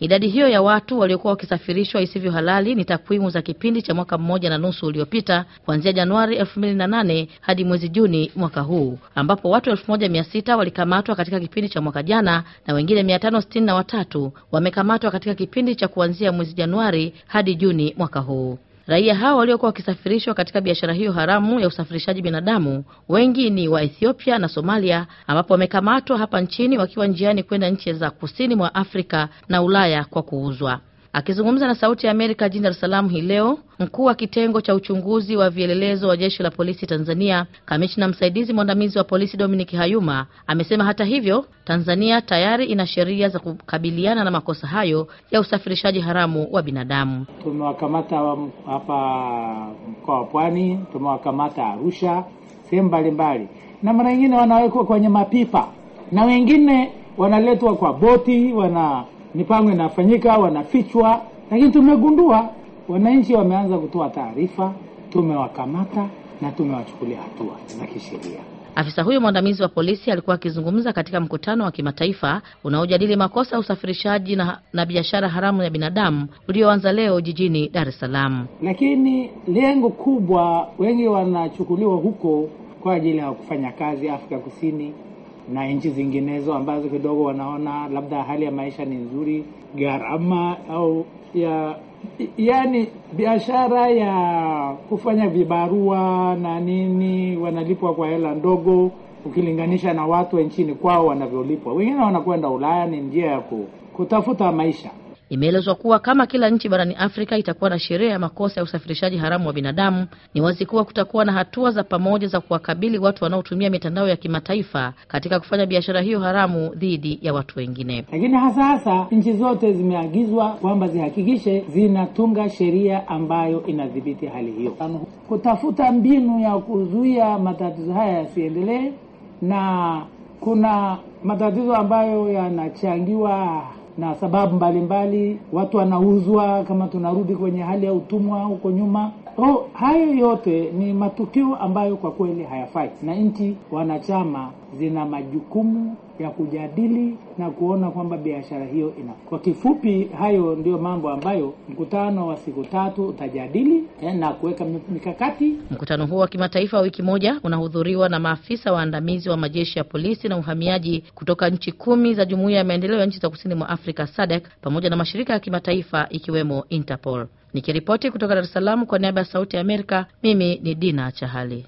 Idadi hiyo ya watu waliokuwa wakisafirishwa isivyo halali ni takwimu za kipindi cha mwaka mmoja na nusu uliopita kuanzia Januari 2008 hadi mwezi Juni mwaka huu, ambapo watu 1600 walikamatwa katika kipindi cha mwaka jana na wengine 563 wamekamatwa katika kipindi cha kuanzia mwezi Januari hadi Juni mwaka huu. Raia hao waliokuwa wakisafirishwa katika biashara hiyo haramu ya usafirishaji binadamu wengi ni wa Ethiopia na Somalia, ambapo wamekamatwa hapa nchini wakiwa njiani kwenda nchi za kusini mwa Afrika na Ulaya kwa kuuzwa. Akizungumza na Sauti ya Amerika jijini Dar es Salaam hii leo, mkuu wa kitengo cha uchunguzi wa vielelezo wa jeshi la polisi Tanzania, kamishna msaidizi mwandamizi wa polisi Dominic Hayuma amesema hata hivyo, Tanzania tayari ina sheria za kukabiliana na makosa hayo ya usafirishaji haramu wa binadamu. Tumewakamata hapa mkoa wa Pwani, tumewakamata Arusha, sehemu mbalimbali, na mara nyingine wanawekwa kwenye mapipa na wengine wanaletwa kwa boti wana mipango inafanyika, wanafichwa, lakini tumegundua wananchi wameanza kutoa taarifa, tumewakamata na tumewachukulia hatua za kisheria. Afisa huyo mwandamizi wa polisi alikuwa akizungumza katika mkutano wa kimataifa unaojadili makosa ya usafirishaji na, na biashara haramu ya binadamu ulioanza leo jijini Dar es Salaam. Lakini lengo kubwa, wengi wanachukuliwa huko kwa ajili ya kufanya kazi Afrika Kusini, na nchi zinginezo ambazo kidogo wanaona labda hali ya maisha ni nzuri, gharama au ya yaani biashara ya kufanya vibarua na nini wanalipwa kwa hela ndogo ukilinganisha na watu nchini kwao wanavyolipwa. Wengine wanakwenda Ulaya ni njia ya kutafuta maisha. Imeelezwa kuwa kama kila nchi barani Afrika itakuwa na sheria ya makosa ya usafirishaji haramu wa binadamu, ni wazi kuwa kutakuwa na hatua za pamoja za kuwakabili watu wanaotumia mitandao ya kimataifa katika kufanya biashara hiyo haramu dhidi ya watu wengine. Lakini hasa hasa nchi zote zimeagizwa kwamba zihakikishe zinatunga sheria ambayo inadhibiti hali hiyo, kutafuta mbinu ya kuzuia matatizo haya yasiendelee, na kuna matatizo ambayo yanachangiwa na sababu mbalimbali mbali, watu wanauzwa. Kama tunarudi kwenye hali ya utumwa huko nyuma, Oh, hayo yote ni matukio ambayo kwa kweli hayafai, na nchi wanachama zina majukumu ya kujadili na kuona kwamba biashara hiyo ina. Kwa kifupi, hayo ndiyo mambo ambayo mkutano wa siku tatu utajadili eh, na kuweka mikakati. Mkutano huo wa kimataifa wa wiki moja unahudhuriwa na maafisa waandamizi wa majeshi ya polisi na uhamiaji kutoka nchi kumi za Jumuiya ya Maendeleo ya Nchi za Kusini mwa Afrika SADC pamoja na mashirika ya kimataifa ikiwemo Interpol. Nikiripoti kutoka Dar es Salaam kwa niaba ya Sauti ya Amerika, mimi ni Dina Chahali.